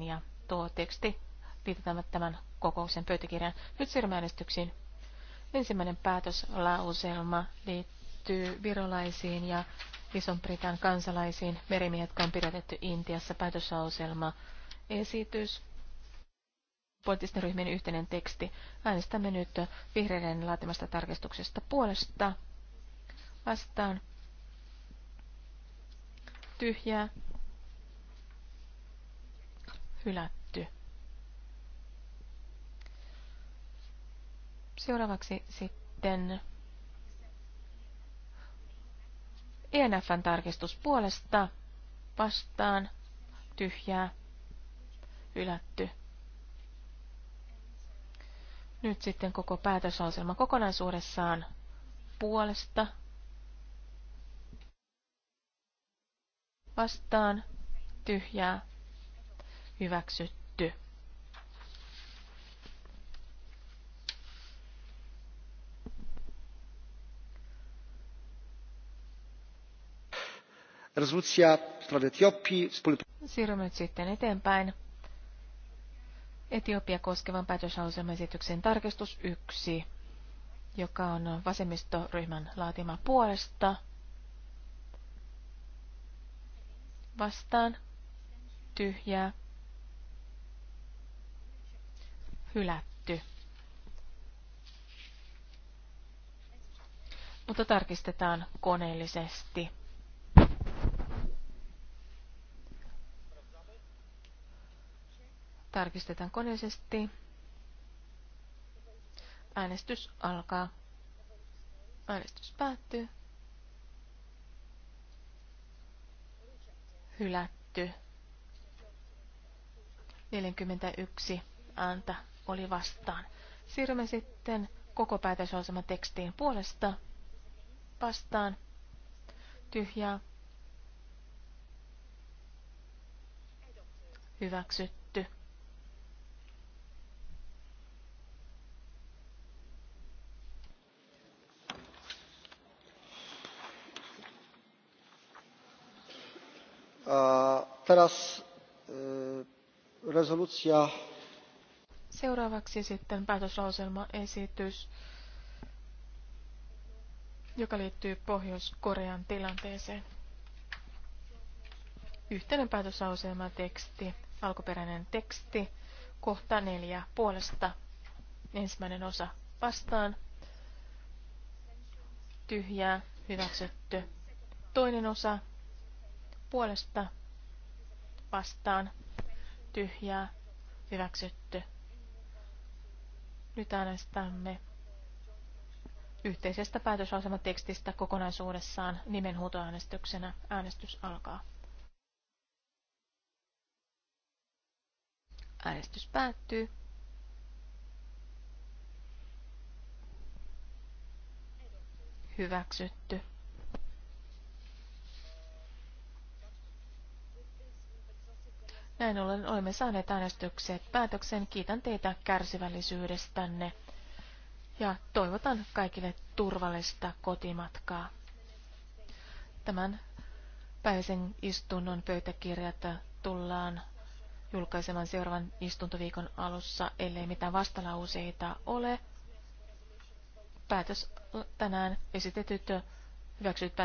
hieman niin, ja tuo teksti liitetään tämän kokouksen pöytäkirjan. Nyt sirmäänestyksiin. Ensimmäinen päätöslauselma liittyy virolaisiin ja Ison-Britan kansalaisiin. Merimiehet, on pidätetty Intiassa. Päätöslauselma esitys. Poliittisten ryhmien yhteinen teksti. Äänestämme nyt vihreiden laatimasta tarkistuksesta puolesta. Vastaan. Tyhjää hylätty. Seuraavaksi sitten ENFn tarkistus puolesta vastaan tyhjää hylätty. Nyt sitten koko päätöslauselma kokonaisuudessaan puolesta vastaan tyhjää hyväksytty. Resolucja w sprawie Siirrymme nyt sitten eteenpäin. Etiopia koskevan päätöslauselmaesityksen tarkistus 1, joka on vasemmistoryhmän laatima puolesta. Vastaan tyhjää hylätty. Mutta tarkistetaan koneellisesti. Tarkistetaan koneellisesti. Äänestys alkaa. Äänestys päättyy. Hylätty. 41 ääntä oli vastaan. Siirrymme sitten koko päätösohjelman tekstiin puolesta vastaan. Tyhjää. Hyväksytty. Teraz rezolucja Seuraavaksi sitten päätöslauselmaesitys, joka liittyy Pohjois-Korean tilanteeseen. Yhteinen teksti, alkuperäinen teksti, kohta neljä puolesta, ensimmäinen osa vastaan, tyhjää, hyväksytty. Toinen osa puolesta vastaan, tyhjää, hyväksytty. Nyt äänestämme yhteisestä päätösasematekstistä kokonaisuudessaan nimenhuutoäänestyksenä. Äänestys alkaa. Äänestys päättyy. Hyväksytty. Näin ollen olemme saaneet äänestykset päätöksen. Kiitän teitä kärsivällisyydestänne ja toivotan kaikille turvallista kotimatkaa. Tämän päiväisen istunnon pöytäkirjat tullaan julkaisemaan seuraavan istuntoviikon alussa, ellei mitään vastalauseita ole. Päätös tänään esitetyt hyväksyt